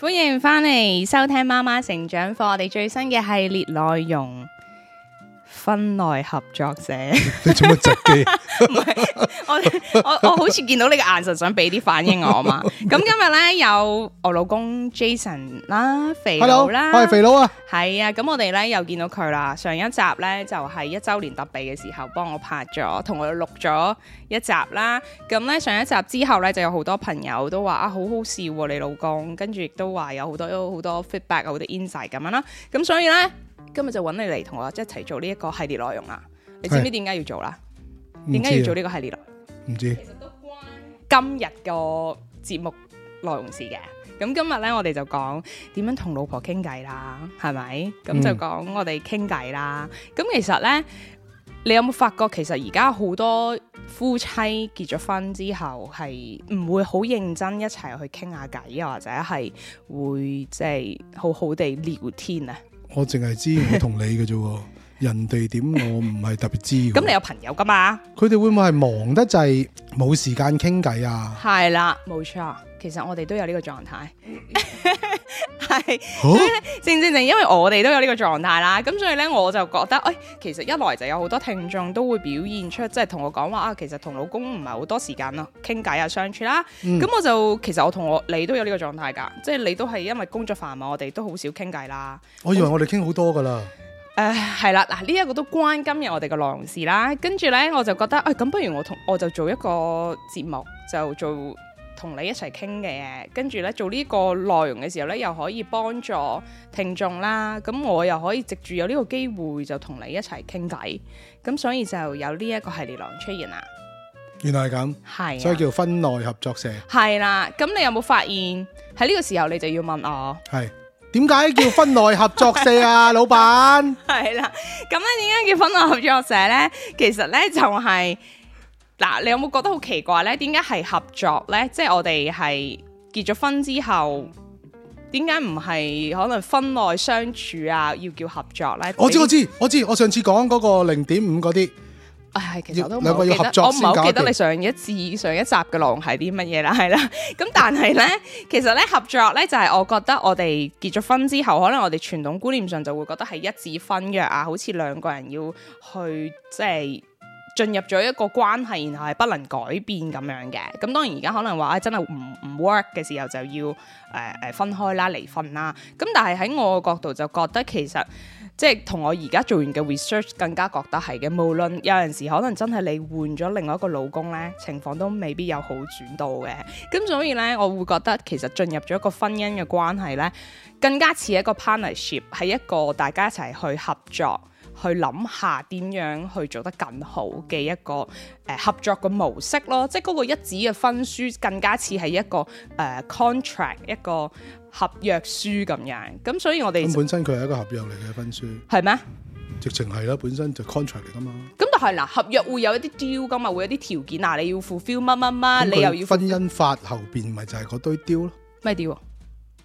歡迎翻嚟收聽媽媽成長課，我哋最新嘅系列內容婚內合作社，你做乜啫？唔係 我我我好似見到你個眼神，想俾啲反應我啊嘛。咁 今日咧有我老公 Jason 啦，Hello, 肥佬老啦，係肥佬啊，係啊。咁我哋咧又見到佢啦。上一集咧就係一周年特備嘅時候，幫我拍咗，同我錄咗一集啦。咁咧上一集之後咧，就有好多朋友都話啊，好好笑啊，你老公，跟住亦都話有好多好多 feedback，好多 inside 咁樣啦。咁所以咧今日就揾你嚟同我一齊做呢一個系列內容啦。你知唔知點解要做啦？點解要做呢個系列咯？唔知。嗯、其實都關今日個節目內容事嘅。咁今日咧，我哋就講點樣同老婆傾偈啦，係咪？咁就講我哋傾偈啦。咁其實咧，你有冇發覺其實而家好多夫妻結咗婚之後係唔會好認真一齊去傾下偈啊，或者係會即係好好地聊天啊？我淨係知唔同你嘅啫。人哋點我唔係特別知。咁 你有朋友噶嘛？佢哋會唔會係忙得滯，冇時間傾偈啊？係啦，冇錯。其實我哋都有呢個狀態，係 的、啊、正正正，因為我哋都有呢個狀態啦。咁所以呢，我就覺得，誒、哎，其實一來就有好多聽眾都會表現出，即係同我講話啊，其實同老公唔係好多時間咯，傾偈啊，相處啦、啊。咁、嗯、我就其實我同我你都有呢個狀態噶，即、就、係、是、你都係因為工作繁忙，我哋都好少傾偈啦。我以為我哋傾好多噶啦。誒，係啦、uh,，嗱呢一個都關今日我哋嘅內容事啦。跟住呢，我就覺得，誒、哎、咁，不如我同我就做一個節目，就做同你一齊傾嘅。跟住呢，做呢個內容嘅時候呢，又可以幫助聽眾啦。咁我又可以藉住有呢個機會，就同你一齊傾偈。咁所以就有呢一個系列浪出現啦。原來係咁，係、啊、所以叫婚內合作社。係啦、啊，咁你有冇發現喺呢個時候，你就要問我係。點解叫婚內合作社啊，老闆？係啦，咁咧點解叫婚內合作社呢？其實呢，就係，嗱，你有冇覺得好奇怪呢？點解係合作呢？即係我哋係結咗婚之後，點解唔係可能婚內相處啊？要叫合作呢？我知我知我知，我上次講嗰個零點五嗰啲。係、哎，其實我都唔記得，我唔係好記得你上一次 上一集嘅狼係啲乜嘢啦，係啦。咁但係咧， 其實咧合作咧，就係、是、我覺得我哋結咗婚之後，可能我哋傳統觀念上就會覺得係一紙婚約啊，好似兩個人要去即係進入咗一個關係，然後係不能改變咁樣嘅。咁、嗯、當然而家可能話啊、哎，真係唔唔 work 嘅時候就要誒誒、呃、分開啦，離婚啦。咁、嗯、但係喺我嘅角度就覺得其實。即係同我而家做完嘅 research 更加覺得係嘅，無論有陣時可能真係你換咗另外一個老公呢，情況都未必有好轉到嘅。咁所以呢，我會覺得其實進入咗一個婚姻嘅關係呢，更加似一個 partnership，係一個大家一齊去合作，去諗下點樣去做得更好嘅一個誒、呃、合作嘅模式咯。即係嗰個一紙嘅婚書更加似係一個、呃、contract 一個。合約書咁樣，咁所以我哋、嗯、本身佢係一個合約嚟嘅婚書係咩？嗎直情係啦，本身就 contract 嚟噶嘛。咁但係嗱，合約會有一啲 deal 噶嘛，會有啲條件嗱，你要 fulfill 乜乜乜，嗯、你又要婚姻法後邊咪就係嗰堆 deal 咯，咩 deal？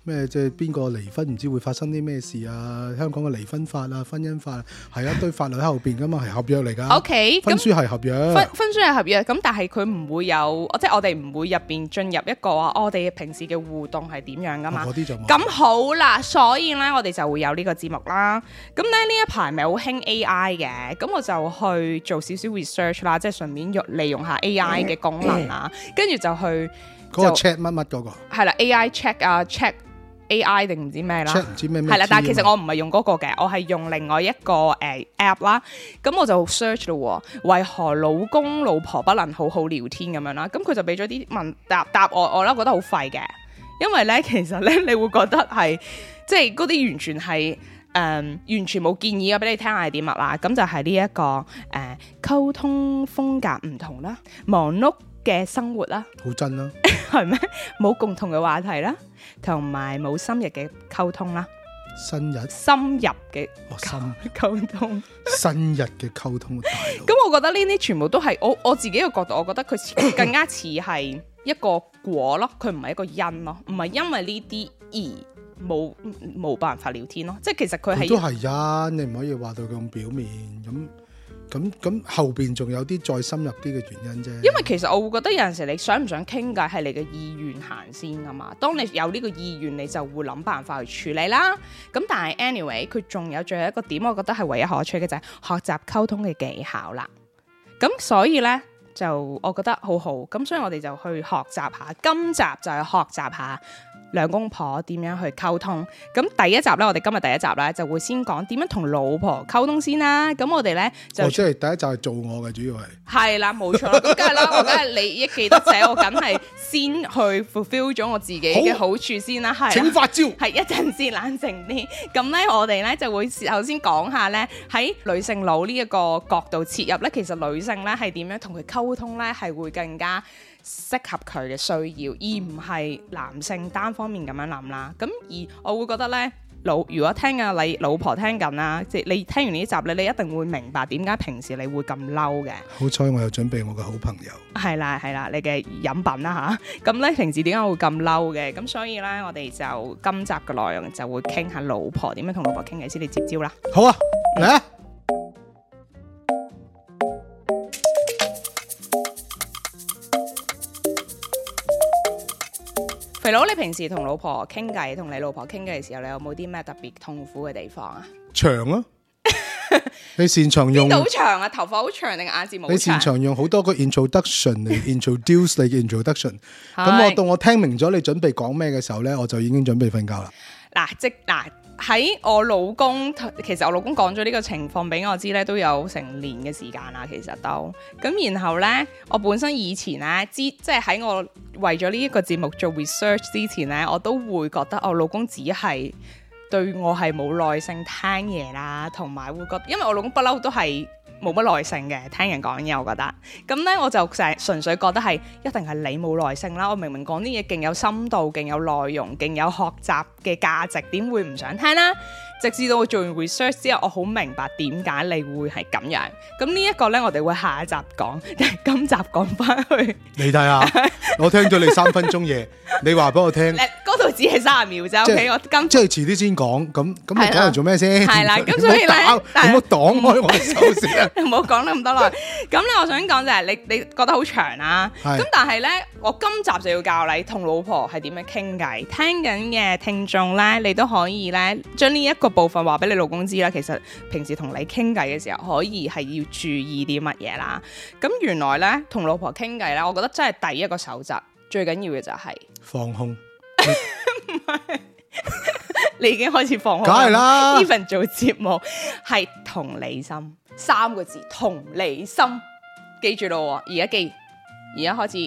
咩即係邊個離婚唔知會發生啲咩事啊？香港嘅離婚法啊，婚姻法係、啊、一堆法律喺後邊噶嘛，係合約嚟噶。O K，婚書係合約。婚婚、嗯、書係合約，咁但係佢唔會有，即係我哋唔會入邊進入一個、哦、我哋平時嘅互動係點樣噶嘛。嗰啲、哦、就咁好啦，所以咧我哋就會有呢個節目啦。咁咧呢一排咪好興 A I 嘅，咁我就去做少少 research 啦，即係順便利用下 A I 嘅功能啦，跟住 就去嗰個什麼什麼、那個 AI、check 乜乜嗰個係啦 A I check 啊 check。AI 定唔知咩啦？係啦，但係其實我唔係用嗰個嘅， 我係用另外一個誒、uh, app 啦。咁我就 search 咯，為何老公老婆不能好好聊天咁樣啦？咁佢就俾咗啲問答答我我啦，覺得好廢嘅。因為咧，其實咧你會覺得係即係嗰啲完全係誒、呃、完全冇建議嘅，俾你聽下係點乜啦？咁就係呢一個誒呃、溝通風格唔同啦。冇碌。嘅生活啦，好真咯，係咩？冇共同嘅話題啦，同埋冇深入嘅溝通啦，深入深入嘅溝溝通，深入嘅溝通。咁我覺得呢啲全部都係我我自己嘅角度，我覺得佢更加似係一個果咯，佢唔係一個因咯，唔係因為呢啲而冇冇辦法聊天咯。即係其實佢係都係呀，你唔可以話到咁表面咁。咁咁後邊仲有啲再深入啲嘅原因啫，因為其實我會覺得有陣時你想唔想傾偈係你嘅意願行先噶嘛，當你有呢個意願，你就會諗辦法去處理啦。咁但係 anyway，佢仲有最後一個點，我覺得係唯一可取嘅就係學習溝通嘅技巧啦。咁所以呢，就我覺得好好，咁所以我哋就去學習下，今集就去學習下。兩公婆點樣去溝通？咁第一集呢，我哋今日第一集呢，就會先講點樣同老婆溝通先啦。咁我哋呢，就、哦、即係第一集係做我嘅，主要係係啦，冇錯，梗係 啦，我梗係利益記得者， 我梗係先去 fulfill 咗我自己嘅好處先啦。係好，啦請發招，係一陣先冷靜啲。咁呢，我哋呢，就會頭先講下呢，喺女性腦呢一個角度切入呢。其實女性呢，係點樣同佢溝通呢？係會更加。適合佢嘅需要，而唔係男性單方面咁樣諗啦。咁而我會覺得咧，老如果聽下你老婆聽緊啦，即係你聽完呢集咧，你一定會明白點解平時你會咁嬲嘅。好彩我有準備我嘅好朋友。係啦，係啦，你嘅飲品啦嚇。咁咧平時點解會咁嬲嘅？咁所以咧，我哋就今集嘅內容就會傾下老婆點樣同老婆傾偈先，你接招啦。好啊，嚟啦！攞，你平時同老婆傾偈，同你老婆傾偈嘅時候，你有冇啲咩特別痛苦嘅地方啊？長啊，你擅長用好長啊，頭髮好長定係眼睫毛？你擅長用好多個 introduction 嚟 introduce 你嘅 introduction，咁我到我聽明咗你準備講咩嘅時候咧，我就已經準備瞓覺啦。嗱，即嗱。喺我老公，其實我老公講咗呢個情況俾我知咧，都有成年嘅時間啦。其實都咁，然後呢，我本身以前呢、啊，之即係喺我為咗呢一個節目做 research 之前呢，我都會覺得我老公只係對我係冇耐性聽嘢啦，同埋會覺得，因為我老公不嬲都係，冇乜耐性嘅，聽人講嘢，我覺得。咁呢，我就成純粹覺得係一定係你冇耐性啦。我明明講啲嘢勁有深度、勁有內容、勁有學習嘅價值，點會唔想聽呢？直至到我做完 research 之後，我好明白點解你會係咁樣。咁呢一個咧，我哋會下一集講，但係今集講翻去。你睇下，我聽咗你三分鐘嘢，你話俾我聽。嗰度只係三十秒啫，OK？我今即係遲啲先講。咁咁你講嚟做咩先？係啦。咁所以咧，唔好擋開我嘅手。唔好講咁多耐。咁咧，我想講就係你，你覺得好長啊。咁但係咧，我今集就要教你同老婆係點樣傾偈。聽緊嘅聽眾咧，你都可以咧將呢一個。部分話俾你老公知啦，其實平時同你傾偈嘅時候，可以係要注意啲乜嘢啦？咁原來咧，同老婆傾偈咧，我覺得真係第一個守則最緊要嘅就係放空。唔係控， 唔係 你已經開始放空，梗係啦。even 做節目係同理心三個字，同理心，記住咯，而家記，而家開始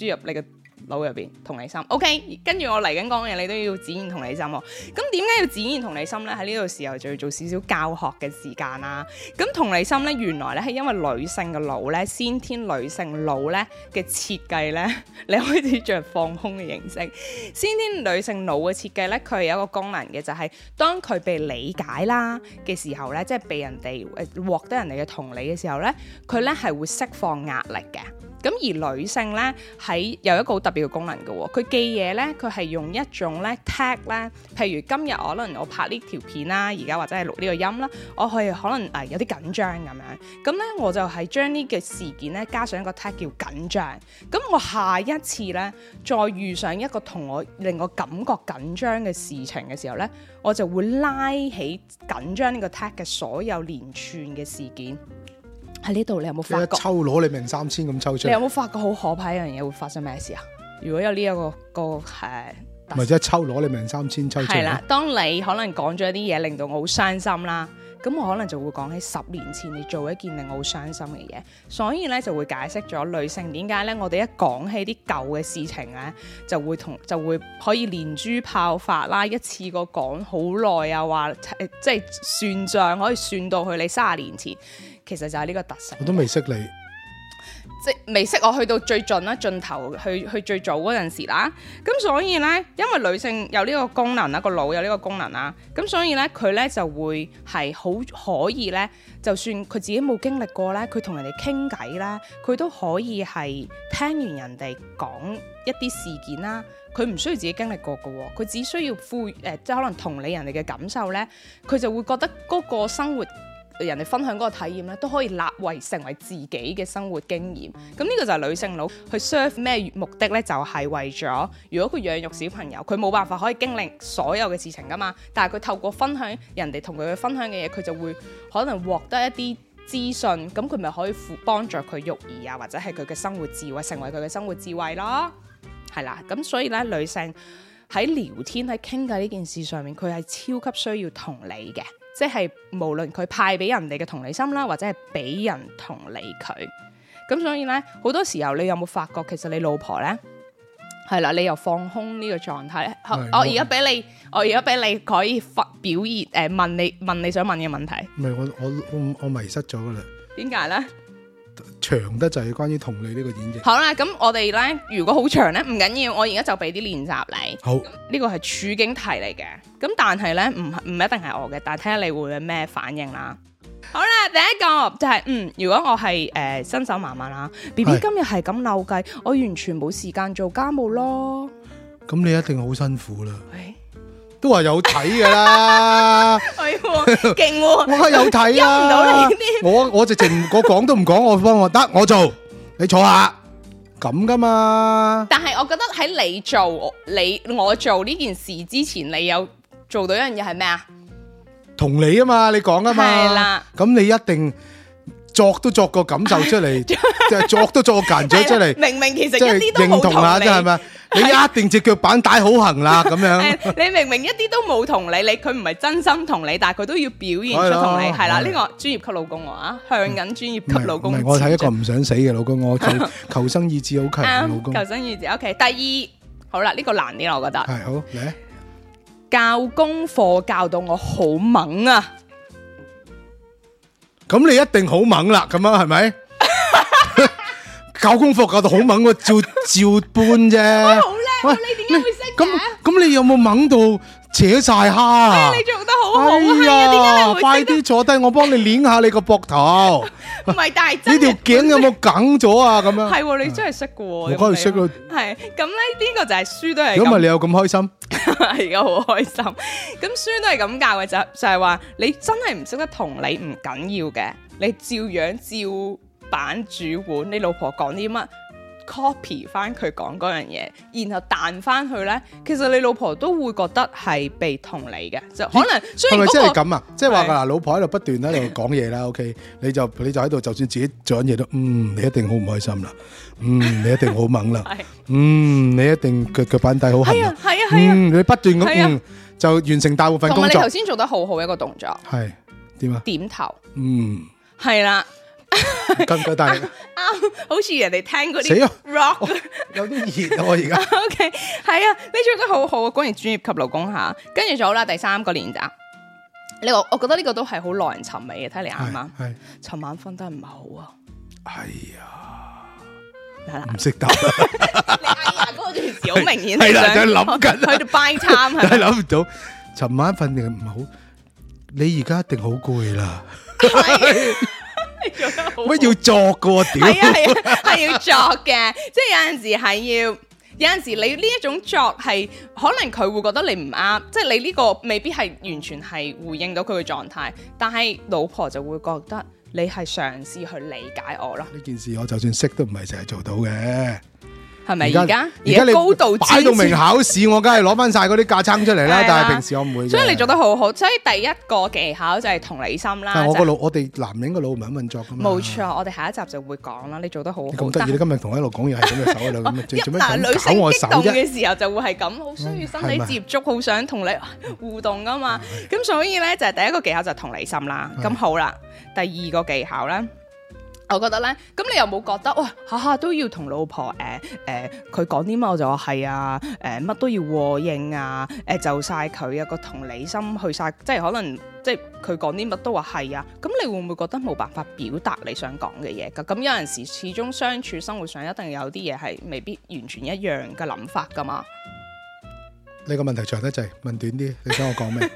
輸入你嘅。腦入邊同理心，OK，跟住我嚟緊講嘅嘢，你都要展現同理心。咁點解要展現同理心呢？喺呢度時候就要做少少教學嘅時間啦。咁同理心呢，原來呢係因為女性嘅腦呢，先天女性腦呢嘅設計呢，呢 你開始著放空嘅形式。先天女性腦嘅設計呢，佢有一個功能嘅、就係，就係當佢被理解啦嘅時候，時候呢，即係被人哋誒獲得人哋嘅同理嘅時候呢，佢呢係會釋放壓力嘅。咁而女性咧係有一個好特別嘅功能嘅喎、哦，佢記嘢咧，佢係用一種咧 tag 咧，譬如今日可能我拍呢條片啦，而家或者係錄呢個音啦，我係可能誒、呃、有啲緊張咁樣，咁咧我就係將呢個事件咧加上一個 tag 叫緊張，咁我下一次咧再遇上一個同我令我感覺緊張嘅事情嘅時候咧，我就會拉起緊張呢個 tag 嘅所有連串嘅事件。喺呢度，你有冇發覺？抽攞你命三千咁抽出來。你有冇發覺好可怕一樣嘢會發生咩事啊？如果有呢、這個那個、一個個係，或者抽攞你命三千抽出來。係啦，當你可能講咗一啲嘢，令到我好傷心啦，咁我可能就會講起十年前你做一件令我好傷心嘅嘢，所以咧就會解釋咗女性點解咧，我哋一講起啲舊嘅事情咧，就會同就會可以連珠炮發啦，一次過講好耐啊，話即係算賬可以算到去你三十年前。其實就係呢個特色，我都未識你，即未識我去到最盡啦，盡頭去去最早嗰陣時啦，咁所以呢，因為女性有呢個功能啦，個腦有呢個功能啦，咁所以呢，佢呢就會係好可以呢，就算佢自己冇經歷過呢，佢同人哋傾偈啦，佢都可以係聽完人哋講一啲事件啦，佢唔需要自己經歷過噶，佢只需要富誒，呃，即係可能同理人哋嘅感受呢，佢就會覺得嗰個生活。人哋分享嗰個體驗咧，都可以立為成為自己嘅生活經驗。咁呢個就係女性佬去 serve 咩目的呢？就係為咗，如果佢養育小朋友，佢冇辦法可以經歷所有嘅事情噶嘛。但係佢透過分享人哋同佢嘅分享嘅嘢，佢就會可能獲得一啲資訊。咁佢咪可以輔幫助佢育兒啊，或者係佢嘅生活智慧，成為佢嘅生活智慧咯，係啦。咁所以咧，女性喺聊天喺傾偈呢件事上面，佢係超級需要同理嘅。即係無論佢派俾人哋嘅同理心啦，或者係俾人同理佢，咁所以咧，好多時候你有冇發覺其實你老婆咧係啦，你又放空個狀態，呢個狀態咧？係哦、我而家俾你，我而家俾你可以發表現誒，問你問你想問嘅問題。唔係我我我我迷失咗噶啦？點解咧？長得就係關於同你呢個演繹。好啦，咁我哋咧如果好長咧，唔緊要，我而家就俾啲練習你練習。好，呢個係處境題嚟嘅，咁但係咧唔唔一定係我嘅，但係睇下你會有咩反應啦。好啦，第一個就係、是，嗯，如果我係誒新手媽媽啦，B B 今日係咁扭計，是我完全冇時間做家務咯。咁你一定好辛苦啦。欸都話有睇噶啦，係喎，勁喎，我係有睇啦。我我直情我講都唔講，我方我得我做，你坐下咁噶嘛？但係我覺得喺你做你我做呢件事之前，你有做到一樣嘢係咩啊？同你啊嘛，你講啊嘛，係啦，咁你一定。作都作個感受出嚟，作都作緊咗出嚟。明明其實一啲都認同啊，真係咪？你一定隻腳板帶好行啦，咁樣。你明明一啲都冇同你，你佢唔係真心同你，但係佢都要表現出同你，係啦。呢個專業級老公啊，向緊專業級老公。我睇一個唔想死嘅老公，我求求生意志好強嘅老公。求生意志 OK。第二，好啦，呢個難啲，我覺得。係好嚟教功課，教到我好猛啊！咁你一定好猛啦，咁樣係咪？搞 功課教到好猛，我照照搬啫。哇好叻，喂你點解會識咁咁你有冇猛到？扯晒蝦啊！你做得好好啊！快啲、哎、呦坐低，我幫你捏下 你個膊頭。唔係大隻，呢條頸有冇梗咗啊？咁樣係喎，你真係識嘅喎。我梗係識咯。係咁咧，邊個就係書都係。如果唔係你有咁開心，而家好開心。咁 書都係咁教嘅就就係話，你真係唔識得同理唔緊要嘅，tule，你照樣照板煮碗。你老婆講啲乜？Copy 翻佢講嗰樣嘢，然後彈翻去咧，其實你老婆都會覺得係被同理嘅，就可能。係咪真係咁啊？即係話嗱，老婆喺度不斷喺度講嘢啦，OK，你就你就喺度，就算自己做緊嘢都，嗯，你一定好唔開心啦，嗯，你一定好猛啦，嗯，你一定腳腳板底好係啊，係啊，係啊，你不斷咁，就完成大部分工作。同你頭先做得好好一個動作。係點啊？點頭。嗯，係啦。咁 巨大 啊！ okay, 好似人哋聽嗰啲 rock，有啲熱我而家。O K，係啊，你唱得好好啊，果然專業級老公下。跟住好啦，第三個練習。呢個我覺得呢個都係好耐人尋味嘅。睇嚟啱啱，係尋是晚瞓得唔好啊。係啊、哎，唔識答。 你阿哥仲小明顯係啦，佢諗緊，佢喺度 buy time，係諗唔到 time。尋 晚瞓定唔好，你而家一定好攰啦.。 乜 很要作噶？係啊係啊，係、啊、要作嘅。 即係有陣時係要，有陣時你呢一種作係，可能佢會覺得你唔啱。即係你呢個未必係完全係回應到佢嘅狀態。但係老婆就會覺得你係嘗試去理解我咯。呢件事我就算識都唔係成日做到嘅。係咪而家，而家你高度擺到明考試，我梗係攞翻晒嗰啲架撐出嚟啦。但係平時我唔會。所以你做得好好。所以第一個技巧就係同理心啦。但我個腦，我哋男人個腦唔係咁運作噶嘛。冇錯，我哋下一集就會講啦。你做得好好。咁得意，你今日同我一路講嘢係咁嘅手啊？咁啊，做咩手？我手。女性激動嘅時候就會係咁，好需要身體接觸，好想同你互動噶嘛。咁所以咧就係第一個技巧就係同理心啦。咁好啦，第二個技巧咧。我覺得咧，咁你又冇覺得哇下下都要同老婆誒誒佢講啲乜，呃呃、我就話係啊，誒、呃、乜都要和應啊，誒、呃、就晒佢啊。個同理心，去晒，即係可能即係佢講啲乜都話係啊。咁你會唔會覺得冇辦法表達你想講嘅嘢噶？咁有陣時始終相處生活上一定有啲嘢係未必完全一樣嘅諗法㗎嘛？你個問題長得滯，問短啲，你想我講咩？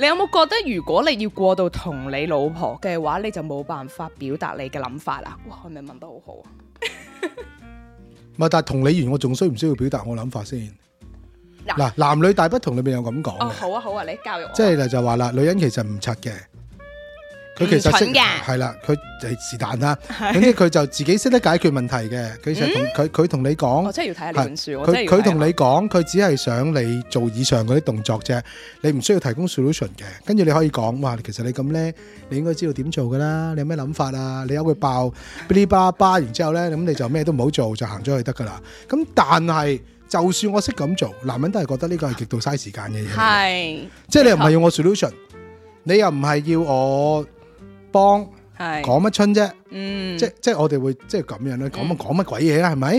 你有冇覺得如果你要過度同你老婆嘅話，你就冇辦法表達你嘅諗法啦？哇，係咪問得好好啊！唔係，但係同理完，我仲需唔需要表達我諗法先？嗱， 男女大不同裏邊有咁講哦，好啊，好啊，你教育我啊，我。即係就就話啦，女人其實唔察嘅。佢其實識係啦，佢就係是但啦。總之佢就自己識得解決問題嘅。佢其實同佢佢同你講，我真係要睇嚟睇書。我真係佢佢同你講，佢只係想你做以上嗰啲動作啫。你唔需要提供 solution 嘅。跟住你可以講，哇！其實你咁咧，你應該知道點做㗎啦。你有咩諗法啊？你有佢爆，噼哩叭叭，然之後咧，咁你就咩都唔好做，就行咗去得㗎啦。咁但係，就算我識咁做，男人都係覺得呢個係極度嘥時間嘅嘢。係，即係你又唔係要我 solution，你又唔係要我。幫講乜春啫，即我即我哋會即咁樣咧，講乜講乜鬼嘢啦，係咪？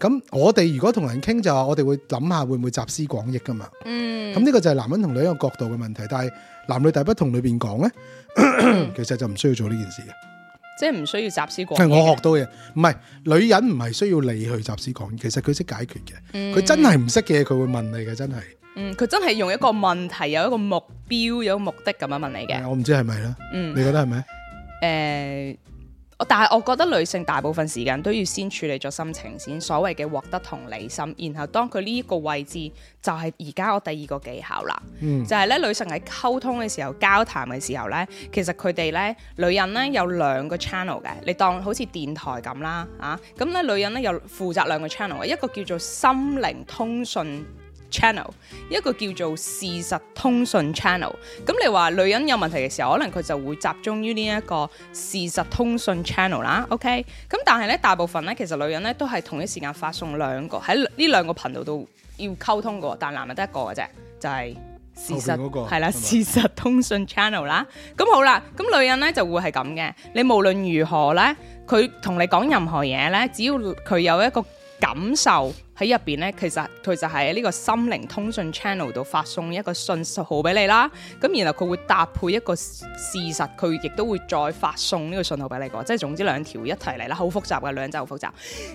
咁我哋如果同人傾就，我哋會諗下會唔會集思廣益噶嘛？咁呢、嗯、個就係男人同女人角度嘅問題，但係男女大不同裏邊講咧，其實就唔需要做呢件事嘅，即唔需要集思廣。係我學到嘅，唔係女人唔係需要你去集思廣益，其實佢識解決嘅，佢、嗯、真係唔識嘅佢會問你嘅，真係。嗯，佢真係用一個問題，有一個目標，有一個目的咁樣問你嘅。嗯，我唔知係咪啦。嗯，你覺得係咪？誒，但係我覺得女性大部分時間都要先處理咗心情先，先所謂嘅獲得同理心。然後當佢呢一個位置，就係而家我第二個技巧啦。嗯，就係咧，女性喺溝通嘅時候、交談嘅時候咧，其實佢哋咧，女人咧有兩個 channel 嘅。你當好似電台咁啦，啊，咁咧女人咧又負責兩個 channel，一個叫做心靈通訊。channel 一個叫做事實通訊 channel，咁你話女人有問題嘅時候，可能佢就會集中於呢一個事實通訊 channel 啦。OK，咁但係咧，大部分咧，其實女人咧都係同一時間發送兩個喺呢兩個頻道度要溝通嘅，但男人得一個嘅啫，就係、係、事實嗰、嗰個啦，係咪事實通訊 channel 啦。咁好啦，咁女人咧就會係咁嘅，你無論如何咧，佢同你講任何嘢咧，只要佢有一個感受。喺入邊咧，其實佢就喺呢個心靈通訊 channel 度發送一個訊號俾你啦。咁然後佢會搭配一個事實，佢亦都會再發送呢個信號俾你個。即係總之兩條一提嚟啦，好複雜嘅兩就好複雜。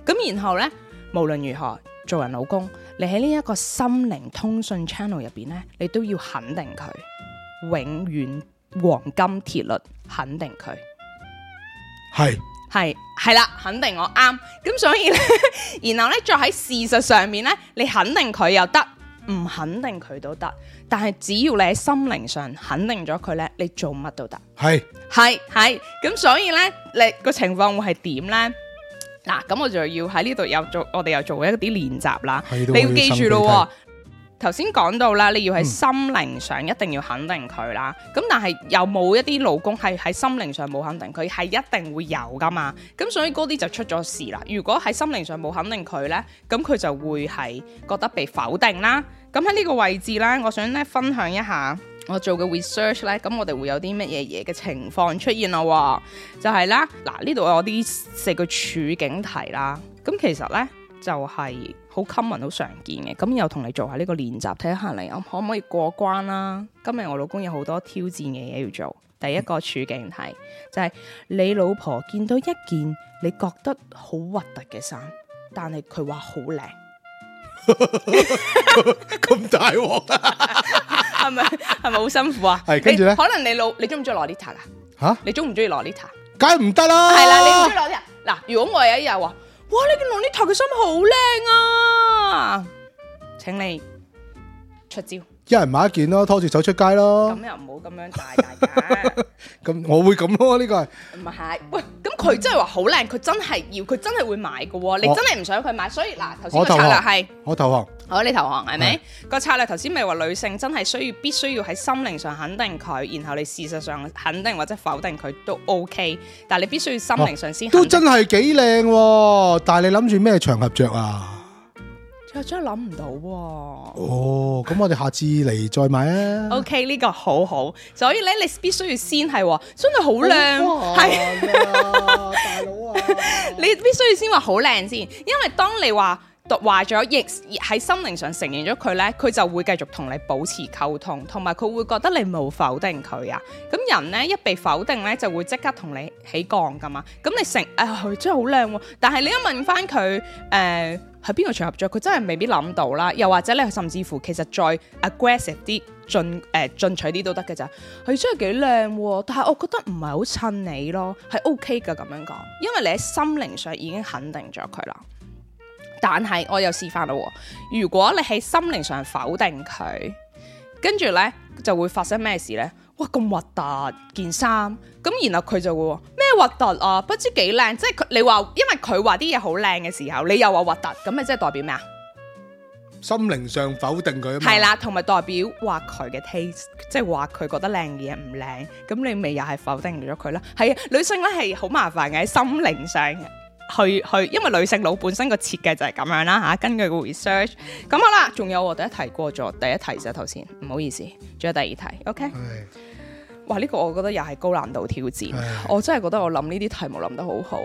咁然後咧，無論如何，做人老公，你喺呢一個心靈通訊 channel 入邊咧，你都要肯定佢，永遠黃金鐵律，肯定佢。係。係係啦，肯定我啱，咁所以咧，然後咧，再喺事實上面咧，你肯定佢又得，唔肯定佢都得，但係只要你喺心靈上肯定咗佢咧，你做乜都得。係係係，咁所以咧，你個情況會係點咧？嗱，咁我就要喺呢度又做，我哋又做一啲練習啦，要你要記住咯。頭先講到啦，你要喺心靈上一定要肯定佢啦。咁但係有冇一啲老公係喺心靈上冇肯定佢，係一定會有噶嘛。咁所以嗰啲就出咗事啦。如果喺心靈上冇肯定佢呢，咁佢就會係覺得被否定啦。咁喺呢個位置呢，我想咧分享一下我做嘅 research 呢。咁我哋會有啲乜嘢嘢嘅情況出現咯。就係啦，嗱呢度有啲四個處境題啦。咁其實呢，就係……好 common，好常見嘅，咁又同你做下呢個練習，睇下你可可唔可以過關啦、啊？今日我老公有好多挑戰嘅嘢要做。第一個處境係就係、是、你老婆見到一件你覺得好核突嘅衫，但係佢話好靚。咁 大鑊，係咪係咪好辛苦啊？係跟住咧，可能你老你中唔中意 Lolita 噶？嚇，你中唔中意 Lolita？梗係唔、啊、得啦。係啦、啊，你唔中意 Lolita 嗱。如果我有一日話，哇！你件 Lolita 嘅衫好靚啊！啊，請你出招，一人買一件咯，拖住手出街咯。咁又唔好咁樣大大家。咁我會咁咯呢個係。唔係喂，咁佢真係話好靚，佢真係要，佢真係會買噶。你真係唔想佢買，所以嗱，頭先個策略係我投降，我你投降係咪？個策略頭先咪話女性真係需要，必須要喺心靈上肯定佢，然後你事實上肯定或者否定佢都 OK。但係你必須要心靈上先。都真係幾靚，但係你諗住咩場合着啊？真係諗唔到、啊、哦！咁我哋下次嚟再買啊！OK，呢個好好，所以咧，你必須要先係、哦、真係好靚，係大佬啊！ 啊你必須要先話好靚先，因為當你話讀壞咗，亦喺心靈上承認咗佢咧，佢就會繼續同你保持溝通，同埋佢會覺得你冇否定佢啊！咁人咧一被否定咧，就會即刻同你起降噶嘛！咁你成誒、哎，真係好靚，但係你一問返佢誒。呃喺邊個場合着佢真係未必諗到啦，又或者咧，甚至乎其實再 aggressive 啲，進誒進取啲都得嘅咋，佢真係幾靚，但係我覺得唔係好襯你咯，係 OK 噶咁樣講，因為你喺心靈上已經肯定咗佢啦。但係我又試返啦，如果你喺心靈上否定佢，跟住咧就會發生咩事咧？哇，咁核突件衫，咁然後佢就會。核突啊！不知幾靚，即係佢你話，因為佢話啲嘢好靚嘅時候，你又話核突，咁咪即係代表咩啊？心靈上否定佢係 啦，同埋代表話佢嘅 taste，即係話佢覺得靚嘅嘢唔靚，咁你咪又係否定咗佢啦。係啊，女性咧係好麻煩嘅，心靈上去去，因為女性腦本身個設計就係咁樣啦吓，根據個 research。咁好啦，仲有我第一題過咗，第一題就頭先，唔好意思，仲有第二題，OK。 哇！呢個我覺得又係高難度挑戰，唉我真係覺得我諗呢啲題目諗得好好。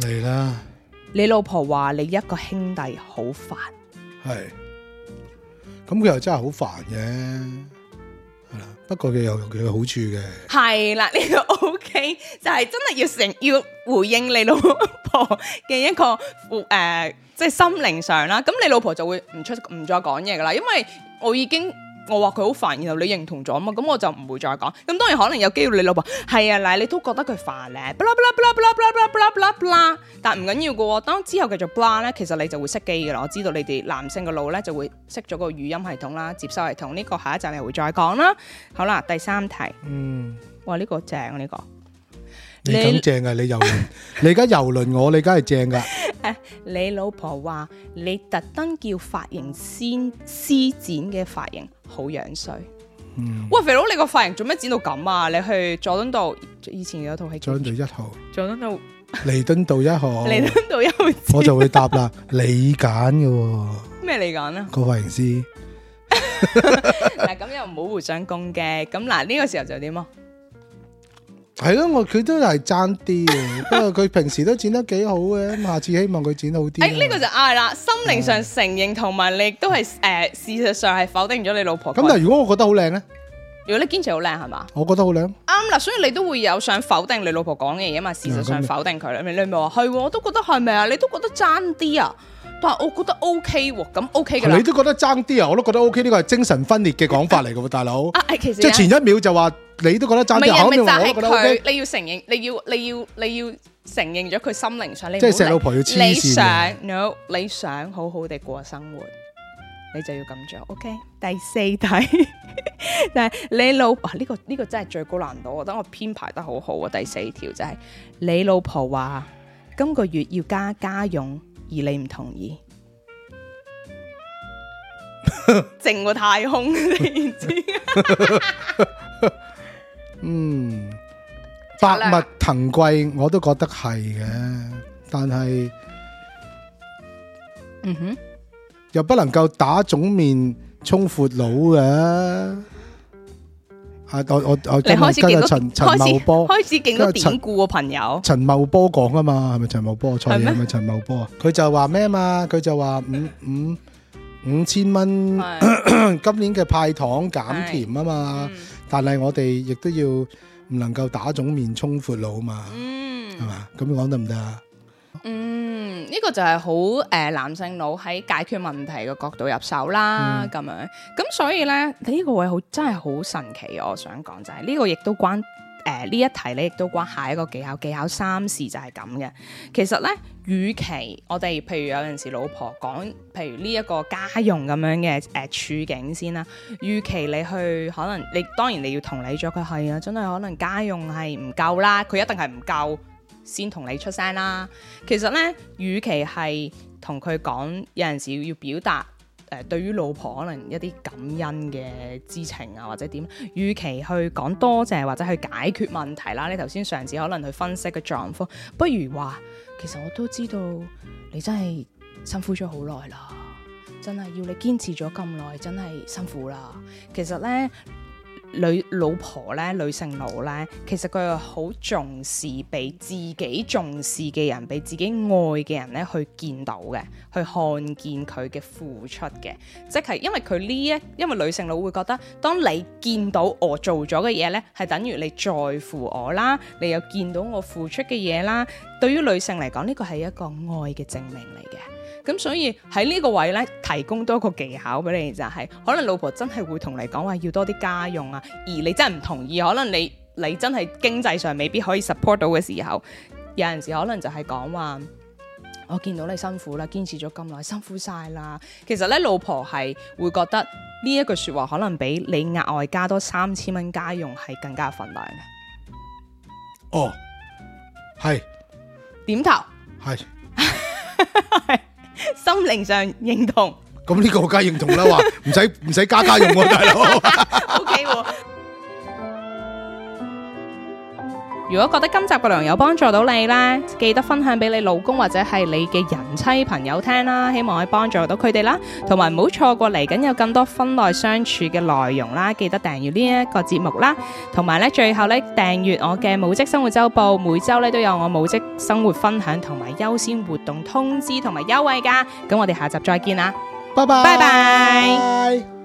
嚟啦了！你老婆話你一個兄弟好煩，係咁佢又真係好煩嘅，係啦。不過佢又佢有好處嘅，係啦呢個 OK，就係真係要成要回應你老婆嘅一個誒，即係心靈上啦。咁你老婆就會唔出唔再講嘢噶啦，因為我已經。我話佢好煩，然後你認同咗啊嘛，咁我就唔會再講。咁、嗯、當然可能有機會你老婆係啊，嗱你都覺得佢煩咧，blah blah blah blah b l 但唔緊要噶。當之後繼續 b l a、ah、咧，其實你就會熄機噶啦。我知道你哋男性嘅腦咧就會熄咗個語音系統啦，接收系統呢、這個下一站你會再講啦。好啦，第三題，嗯，哇呢、這個正呢、這個，你咁正啊你游輪， 你而家游輪我，你而家係正噶、啊。 你老婆話你特登叫髮型師師剪嘅髮型。好樣衰，喂！肥佬，你個髮型做咩剪到咁啊？你去佐敦道，以前有套戲佐敦道一號，佐敦道、彌敦道一號、彌敦道一號，我就會答啦，你揀嘅咩？你揀啦，個髮型師。嗱，咁又唔好互相攻擊。咁嗱，呢個時候就點啊？係咯，我佢都係爭啲嘅， 不過佢平時都剪得幾好嘅，下次希望佢剪好啲。誒、哎，呢、這個就係啦，心靈上承認同埋你都係的、呃、事實上係否定咗你老婆。咁但係如果我覺得好靚呢？如果你堅持好靚係嘛，我覺得好靚。啱啦，所以你都會有想否定你老婆講嘅嘢啊嘛。事實上否定佢，你你咪話係，我都覺得係咪啊？你都覺得爭啲啊？但係我覺得 OK 喎，咁 OK 啦。你都覺得爭啲啊？我都覺得 OK，呢個係精神分裂嘅講法嚟嘅喎，大佬。啊，其實即係前一秒就話你都覺得爭啲，後一秒我覺得 OK。你要承認，你要你要你要承認咗佢心靈上你。即係石老婆要黐線。你想，no，你想好好地過生活，你就要咁做。OK，第四題。 但係你老婆！呢、這個呢、這個真係最高難度。我覺得我編排得好好啊！第四條就係、是、你老婆話今個月要加家用，而你唔同意，淨個 太空，你知？嗯，百物騰貴，我都覺得係嘅，但係， 嗯哼， 又不能夠打腫面充闊佬嘅、啊。啊！我我我今日跟阿陳開始陳，陳茂波，跟阿陳典故啊朋友，陳茂波講啊嘛，係咪陳茂波？蔡係咪陳茂波啊？佢嗎就話咩嘛？佢就話五五五千蚊， 今年嘅派糖減甜啊嘛，是但係我哋亦都要唔能夠打腫面充闊佬啊嘛，係嘛嗎？咁講得唔得啊？ 嗯 嗯，呢、這個就係好誒，男性佬喺解決問題嘅角度入手啦，咁、嗯、樣，咁所以咧，呢、這個位好真係好神奇。我想講就係呢個亦都關誒呢、呃、一題咧，亦都關下一個技巧技巧三事就係咁嘅。其實咧，與其我哋譬如有陣時老婆講，譬如呢一個家用咁樣嘅誒、呃、處境先啦。與其你去可能你當然你要同理咗佢係啊，真係可能家用係唔夠啦，佢一定係唔夠。先同你出聲啦。其實呢，與其係同佢講，有陣時要表達誒、呃、對於老婆可能一啲感恩嘅之情啊，或者點？與其去講多謝或者去解決問題啦，你頭先嘗試可能去分析個狀況，不如話其實我都知道你真係辛苦咗好耐啦，真係要你堅持咗咁耐，真係辛苦啦。其實呢。女老婆咧，女性老咧，其實佢又好重視俾自己重視嘅人，俾自己愛嘅人咧去見到嘅，去看見佢嘅付出嘅，即係因為佢呢一，因為女性腦會覺得，當你見到我做咗嘅嘢咧，係等於你在乎我啦，你又見到我付出嘅嘢啦。對於女性嚟講，呢個係一個愛嘅證明嚟嘅。咁所以喺呢個位咧，提供多個技巧俾你，就係可能老婆真係會同你講話要多啲家用啊，而你真係唔同意，可能你你真係經濟上未必可以 support 到嘅時候，有陣時可能就係講話我見到你辛苦啦，堅持咗咁耐，辛苦曬啦。其實咧，老婆係會覺得呢一句說話可能比你額外加多三千蚊家用係更加分量嘅。哦，係，點頭，係，係。心靈上認同，咁呢個我梗係認同啦，話唔使唔使加加用喎、啊，大佬。OK 如果覺得今集嘅內容有幫助到你啦，記得分享俾你老公或者係你嘅人妻朋友聽啦，希望可以幫助到佢哋啦。同埋唔好錯過嚟緊有更多婚內相處嘅內容啦，記得訂閱呢一個節目啦。同埋咧，最後咧訂閱我嘅母職生活週報，每周咧都有我母職生活分享同埋優先活動通知同埋優惠噶。咁我哋下集再見啦，拜拜拜拜。Bye bye bye bye